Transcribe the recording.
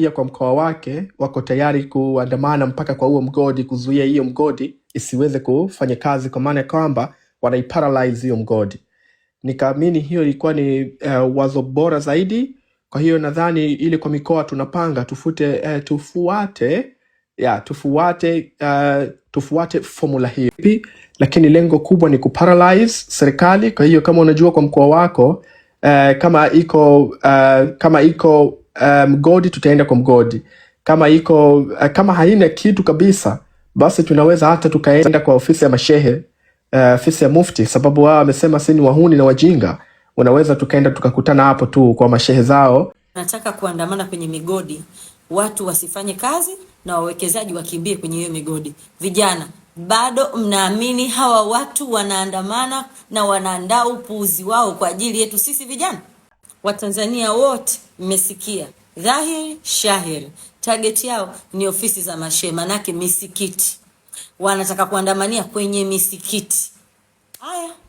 pia kwa mkoa wake wako tayari kuandamana mpaka kwa huo mgodi, kuzuia hiyo mgodi isiweze kufanya kazi, kwa maana ya kwamba wanaiparalyze hiyo mgodi. Nikaamini hiyo ilikuwa ni uh, wazo bora zaidi. Kwa hiyo nadhani ili kwa mikoa tunapanga tufute, uh, tufuate ya, tufuate uh, tufuate fomula hiyo, lakini lengo kubwa ni kuparalyze serikali. Kwa hiyo kama unajua kwa mkoa wako uh, kama iko uh, kama iko mgodi um, tutaenda kwa mgodi. Kama iko uh, kama haina kitu kabisa, basi tunaweza hata tukaenda kwa ofisi ya mashehe uh, ofisi ya mufti, sababu wao wamesema si ni wahuni na wajinga. Unaweza tukaenda tukakutana hapo tu kwa mashehe zao. Nataka kuandamana kwenye migodi, watu wasifanye kazi na wawekezaji wakimbie kwenye hiyo migodi. Vijana bado mnaamini hawa watu wanaandamana na wanaandaa upuuzi wao kwa ajili yetu sisi vijana Watanzania wote mmesikia dhahiri shahiri, target yao ni ofisi za mashehe, manake misikiti wanataka kuandamania kwenye misikiti haya